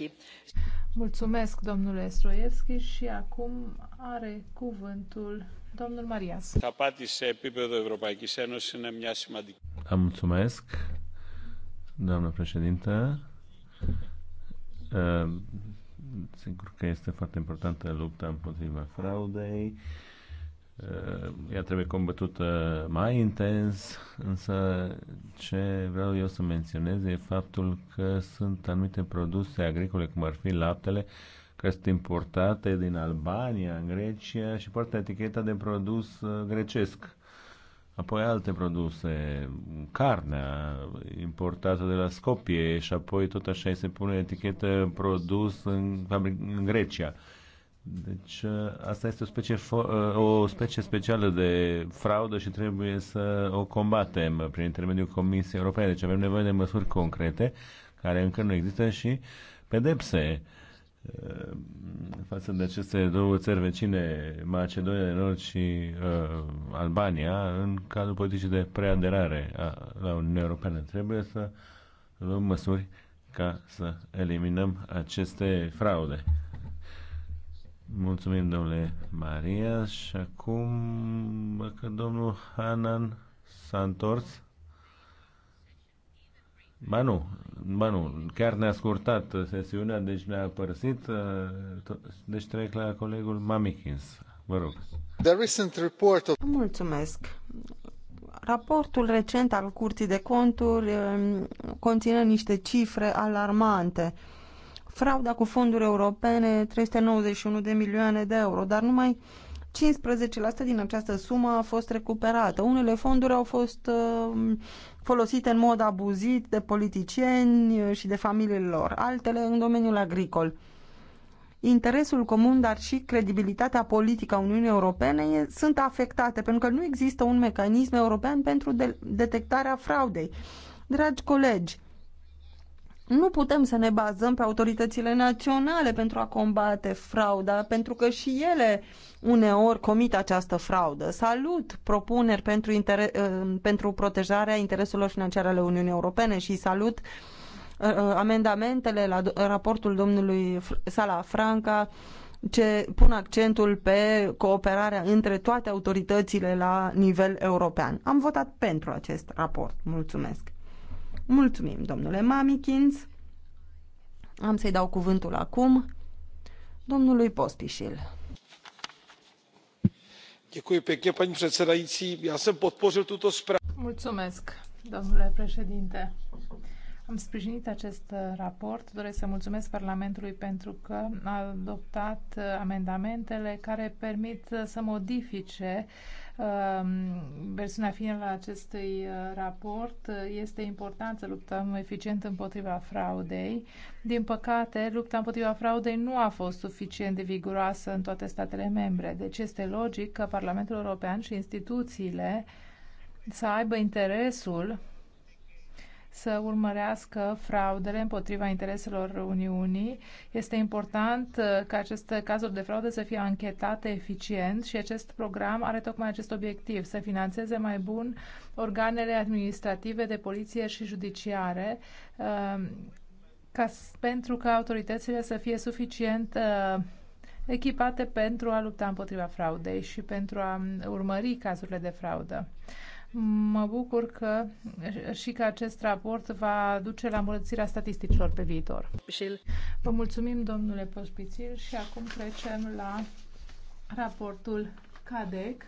Mulțumesc, domnule Stroievski, și acum are cuvântul domnul Marias. Am mulțumesc, doamnă președintă ă, Sigur că este foarte importantă lupta împotriva fraudei. Uh, ea trebuie combătută mai intens, însă ce vreau eu să menționez e faptul că sunt anumite produse agricole, cum ar fi laptele, care sunt importate din Albania, în Grecia și poartă eticheta de produs uh, grecesc apoi alte produse, carnea importată de la Scopie și apoi tot așa se pune etichetă produs în, în Grecia. Deci ă, asta este o specie, ă, o specie specială de fraudă și trebuie să o combatem prin intermediul Comisiei Europene. Deci avem nevoie de măsuri concrete care încă nu există și pedepse ă, față de aceste două țări vecine, Macedonia de Nord și uh, Albania, în cadrul politicii de preaderare a, la Uniunea Europeană. Trebuie să luăm măsuri ca să eliminăm aceste fraude. Mulțumim, domnule Maria. Și acum, că domnul Hanan s-a întors. Ba nu, ba nu, chiar ne-a scurtat sesiunea, deci ne-a părăsit, uh, deci trec la colegul Mamikins. Vă rog. The recent report of... Mulțumesc. Raportul recent al Curții de Conturi um, conține niște cifre alarmante. Frauda cu fonduri europene, 391 de milioane de euro, dar numai 15% din această sumă a fost recuperată. Unele fonduri au fost uh, folosite în mod abuzit de politicieni și de familiile lor, altele în domeniul agricol. Interesul comun, dar și credibilitatea politică a Uniunii Europene sunt afectate, pentru că nu există un mecanism european pentru detectarea fraudei. Dragi colegi, nu putem să ne bazăm pe autoritățile naționale pentru a combate frauda, pentru că și ele uneori comit această fraudă. Salut propuneri pentru, inter- uh, pentru protejarea intereselor financiare ale Uniunii Europene și salut uh, uh, amendamentele la raportul domnului Sala Franca ce pun accentul pe cooperarea între toate autoritățile la nivel european. Am votat pentru acest raport. Mulțumesc! Mulțumim, domnule Mamikins. Am să-i dau cuvântul acum domnului Pospișil. paní předsedající já jsem podpořil tuto zprávu. Mulțumesc, domnule președinte. Am sprijinit acest raport. Doresc să mulțumesc Parlamentului pentru că a adoptat amendamentele care permit să modifice uh, Um, versiunea finală a acestui uh, raport. Uh, este important să luptăm eficient împotriva fraudei. Din păcate, lupta împotriva fraudei nu a fost suficient de viguroasă în toate statele membre. Deci este logic că Parlamentul European și instituțiile să aibă interesul să urmărească fraudele împotriva intereselor Uniunii. Este important uh, ca aceste cazuri de fraudă să fie anchetate eficient și acest program are tocmai acest obiectiv, să financeze mai bun organele administrative de poliție și judiciare uh, ca, pentru ca autoritățile să fie suficient uh, echipate pentru a lupta împotriva fraudei și pentru a um, urmări cazurile de fraudă. Mă bucur că și că acest raport va duce la îmbunătățirea statisticilor pe viitor. Vă mulțumim, domnule Pospițil, și acum trecem la raportul CADEC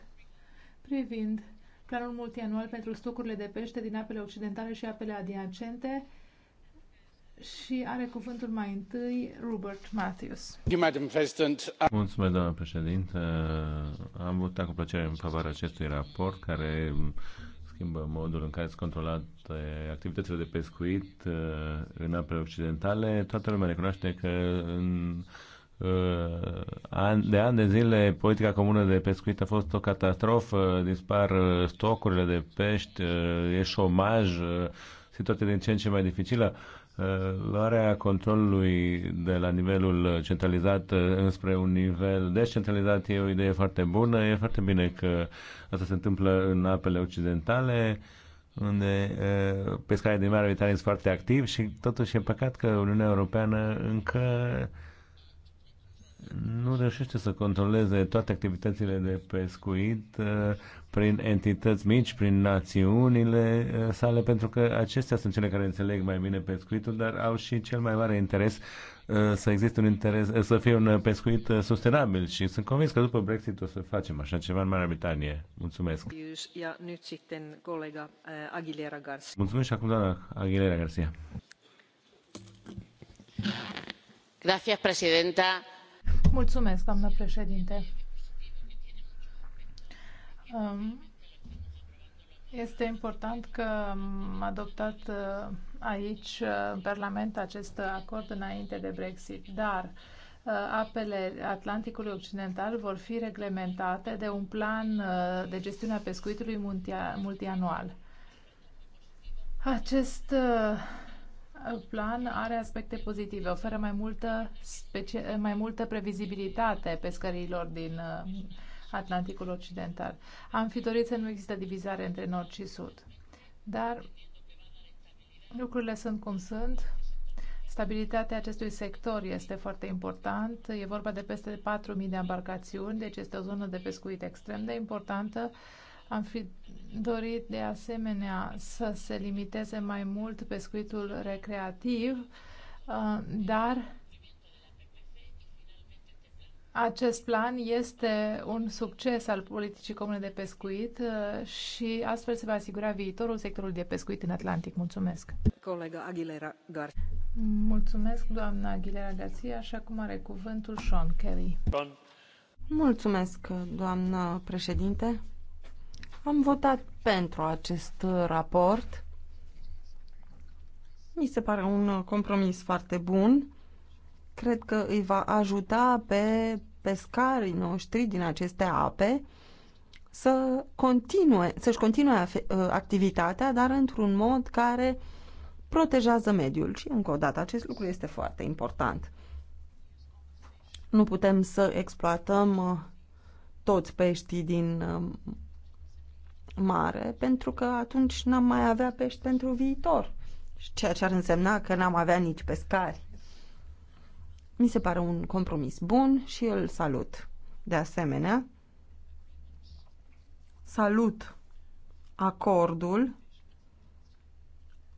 privind planul multianual pentru stocurile de pește din apele occidentale și apele adiacente și are cuvântul mai întâi Robert Matthews. Mulțumesc, doamnă președinte. Am votat cu plăcere în favoarea acestui raport care schimbă modul în care sunt controlate activitățile de pescuit uh, în apele occidentale. Toată lumea recunoaște că în uh, de ani de zile politica comună de pescuit a fost o catastrofă, dispar uh, stocurile de pești, e șomaj, situația din ce în ce mai dificilă luarea controlului de la nivelul centralizat uh, înspre un nivel descentralizat e o idee foarte bună. E foarte bine că asta se întâmplă în apele occidentale, unde uh, pescarii din Marea Britanie sunt foarte activi și totuși e păcat că Uniunea Europeană încă nu reușește să controleze toate activitățile de pescuit uh, prin entități mici, prin națiunile uh, sale, pentru că acestea sunt cele care înțeleg mai bine pescuitul, dar au și cel mai mare interes uh, să existe un interes, să fie un pescuit sustenabil și sunt convins că după Brexit o să facem așa ceva în Marea Britanie. Mulțumesc. Eh, Mulțumesc și acum doamna Aguilera Garcia. Gracias, presidenta. Mulțumesc, doamnă președinte. Um, este important că am adoptat uh, aici, uh, în Parlament, acest acord înainte de Brexit, dar uh, apele Atlanticului Occidental vor fi reglementate de un plan de gestiune a pescuitului multianual. Acest plan are aspecte pozitive. Oferă mai multă, specie, mai multă previzibilitate pescărilor din uh, Atlanticul Occidental. Am fi dorit să nu există divizare între nord și sud. Dar lucrurile sunt cum sunt. Stabilitatea acestui sector este foarte important. E vorba de peste 4.000 de embarcațiuni, deci este o zonă de pescuit extrem de importantă. Am fi dorit de asemenea să se limiteze mai mult pescuitul recreativ, uh, dar acest plan este un succes al politicii comune de pescuit uh, și astfel se va asigura viitorul sectorului de pescuit în Atlantic. Mulțumesc! Colega Aguilera Garcia. Mulțumesc, doamna Aguilera Garcia, așa cum are cuvântul Sean Kelly. Bun. Mulțumesc, doamnă președinte. Am votat pentru acest raport. Mi se pare un compromis foarte bun. Cred că îi va ajuta pe pescarii noștri din aceste ape să continue, să-și continue ă, activitatea, dar într-un mod care protejează mediul. Și încă o dată, acest lucru este foarte important. Nu putem să exploatăm ă, toți peștii din ă, mare, pentru că atunci n-am mai avea pești pentru viitor, ceea ce ar însemna că n-am avea nici pescari. Mi se pare un compromis bun și îl salut. De asemenea, salut acordul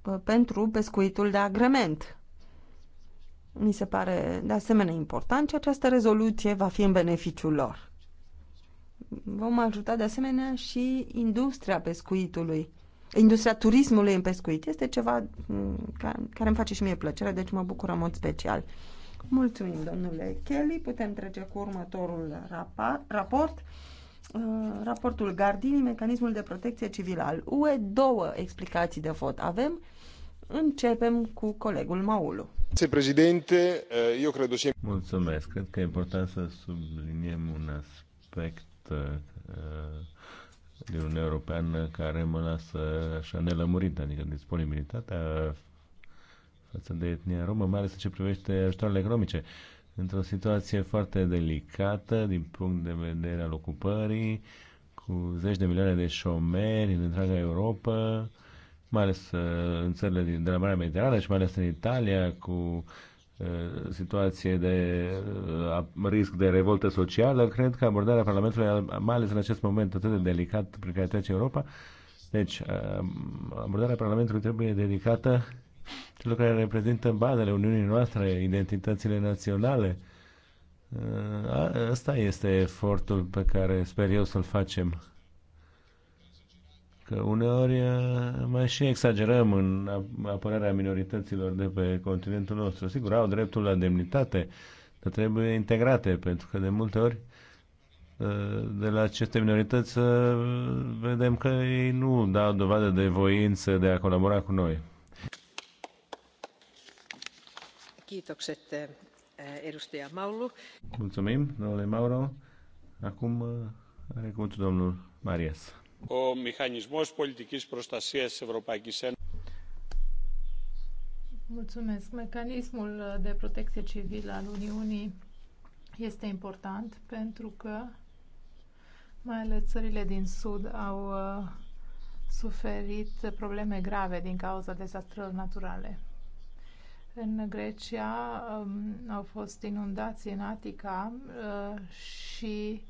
uh, pentru pescuitul de agrement. Mi se pare de asemenea important și această rezoluție va fi în beneficiul lor vom ajuta de asemenea și industria pescuitului. Industria turismului în pescuit este ceva mm, care îmi face și mie plăcere, deci mă bucur în mod special. Mulțumim, domnule Kelly. Putem trece cu următorul raport. Uh, raportul Gardini, mecanismul de protecție civilă al UE. Două explicații de vot avem. Începem cu colegul Maulu. Uh, Mulțumesc. Cred că e important să subliniem un aspect Uh, din Uniunea Europeană care mă lasă așa nelămurit, adică disponibilitatea față de etnia romă, mai ales în ce privește ajutoarele economice. Într-o situație foarte delicată din punct de vedere al ocupării, cu zeci de milioane de șomeri în întreaga Europa, mai ales uh, în țările din, de la Marea Mediterană și mai ales în Italia, cu Uh, situație de uh, risc de revoltă socială, cred că abordarea Parlamentului, mai ales în acest moment atât de delicat prin care trece Europa, deci uh, abordarea Parlamentului trebuie dedicată celor care reprezintă bazele Uniunii noastre, identitățile naționale. Asta este efortul pe care sper eu să-l facem că uneori mai și exagerăm în apărarea minorităților de pe continentul nostru. Sigur, au dreptul la demnitate, dar trebuie integrate, pentru că de multe ori de la aceste minorități vedem că ei nu dau dovadă de voință de a colabora cu noi. Eh, Mulțumim, domnule Mauro. Acum eh, are cuvântul domnul Marias ο μηχανισμός Mulțumesc. Mecanismul de protecție civilă al Uniunii este important pentru că mai ales țările din Sud au uh, suferit probleme grave din cauza dezastrelor naturale. În Grecia um, au fost inundații în Atica uh, și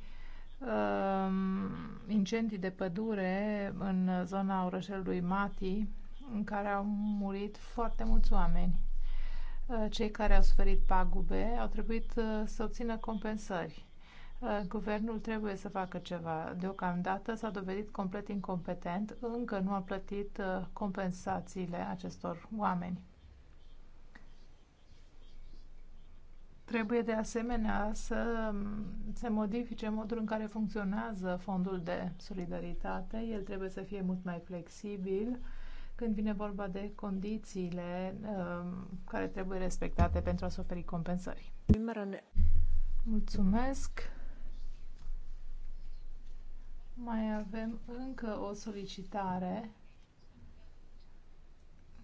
Um, incendii de pădure în zona orășelului Mati, în care au murit foarte mulți oameni. Uh, cei care au suferit pagube au trebuit uh, să obțină compensări. Uh, guvernul trebuie să facă ceva. Deocamdată s-a dovedit complet incompetent, încă nu a plătit compensațiile acestor oameni. Trebuie de asemenea să se modifice modul în care funcționează fondul de solidaritate. El trebuie să fie mult mai flexibil când vine vorba de condițiile um, care trebuie respectate pentru a se oferi compensări. Mulțumesc! Mai avem încă o solicitare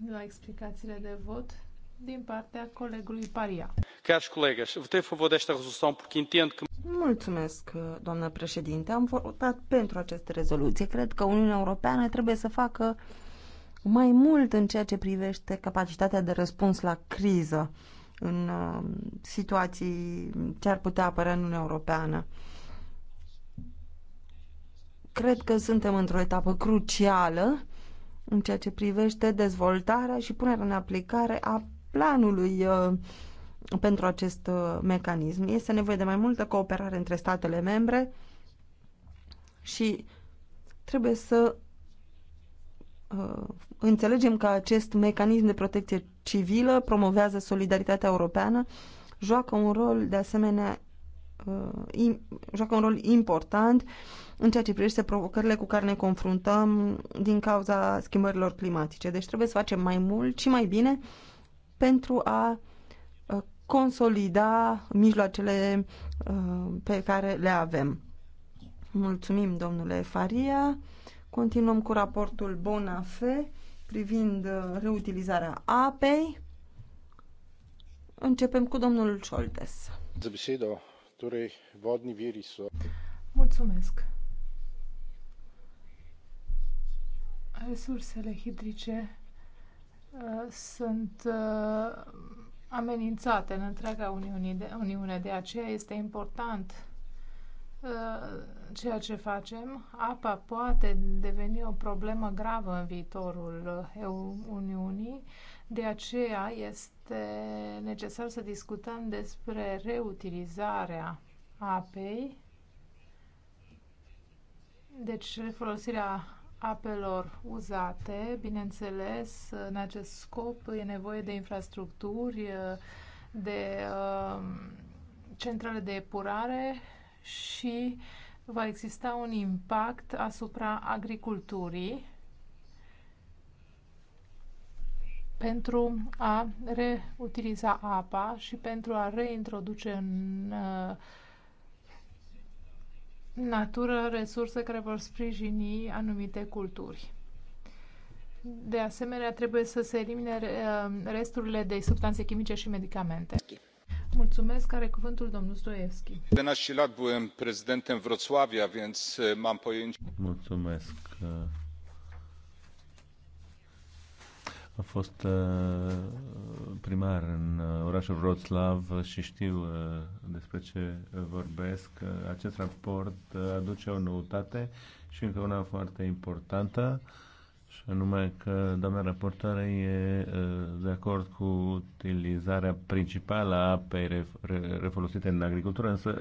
la explicațiile de vot din partea colegului Paria. Cari colegi, votei a favor desta rezolução porque entendo că... Mulțumesc, doamnă președinte. Am votat pentru această rezoluție. Cred că Uniunea Europeană trebuie să facă mai mult în ceea ce privește capacitatea de răspuns la criză în uh, situații ce ar putea apărea în Uniunea Europeană. Cred că suntem într-o etapă crucială în ceea ce privește dezvoltarea și punerea în aplicare a planului uh, pentru acest uh, mecanism. Este nevoie de mai multă cooperare între statele membre și trebuie să uh, înțelegem că acest mecanism de protecție civilă promovează solidaritatea europeană, joacă un rol de asemenea uh, joacă un rol important în ceea ce privește provocările cu care ne confruntăm din cauza schimbărilor climatice. Deci trebuie să facem mai mult și mai bine pentru a consolida mijloacele uh, pe care le avem. Mulțumim, domnule Faria. Continuăm cu raportul Bonafe privind uh, reutilizarea apei. Începem cu domnul Scholtes. Mulțumesc. Resursele hidrice uh, sunt uh, amenințate în întreaga Uniune de, de aceea este important uh, ceea ce facem. Apa poate deveni o problemă gravă în viitorul uh, Uniunii, de aceea este necesar să discutăm despre reutilizarea apei, deci refolosirea apelor uzate. Bineînțeles, în acest scop e nevoie de infrastructuri, de um, centrale de epurare și va exista un impact asupra agriculturii pentru a reutiliza apa și pentru a reintroduce în uh, natură, resurse care vor sprijini anumite culturi. De asemenea, trebuie să se elimine uh, resturile de substanțe chimice și medicamente. Mulțumesc, are cuvântul domnul Stoievski. 11 lat byłem în Wrocławia, więc uh, mam pojęcie. Mulțumesc. Uh, a fost uh, primar în uh, orașul Wroclaw și știu uh, despre ce vorbesc. Acest raport aduce o noutate și încă una foarte importantă, și anume că doamna raportoare e de acord cu utilizarea principală a apei refolosite în agricultură, însă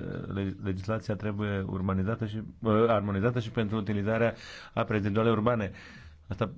legislația trebuie urbanizată și, armonizată și pentru utilizarea apei reziduale urbane. Asta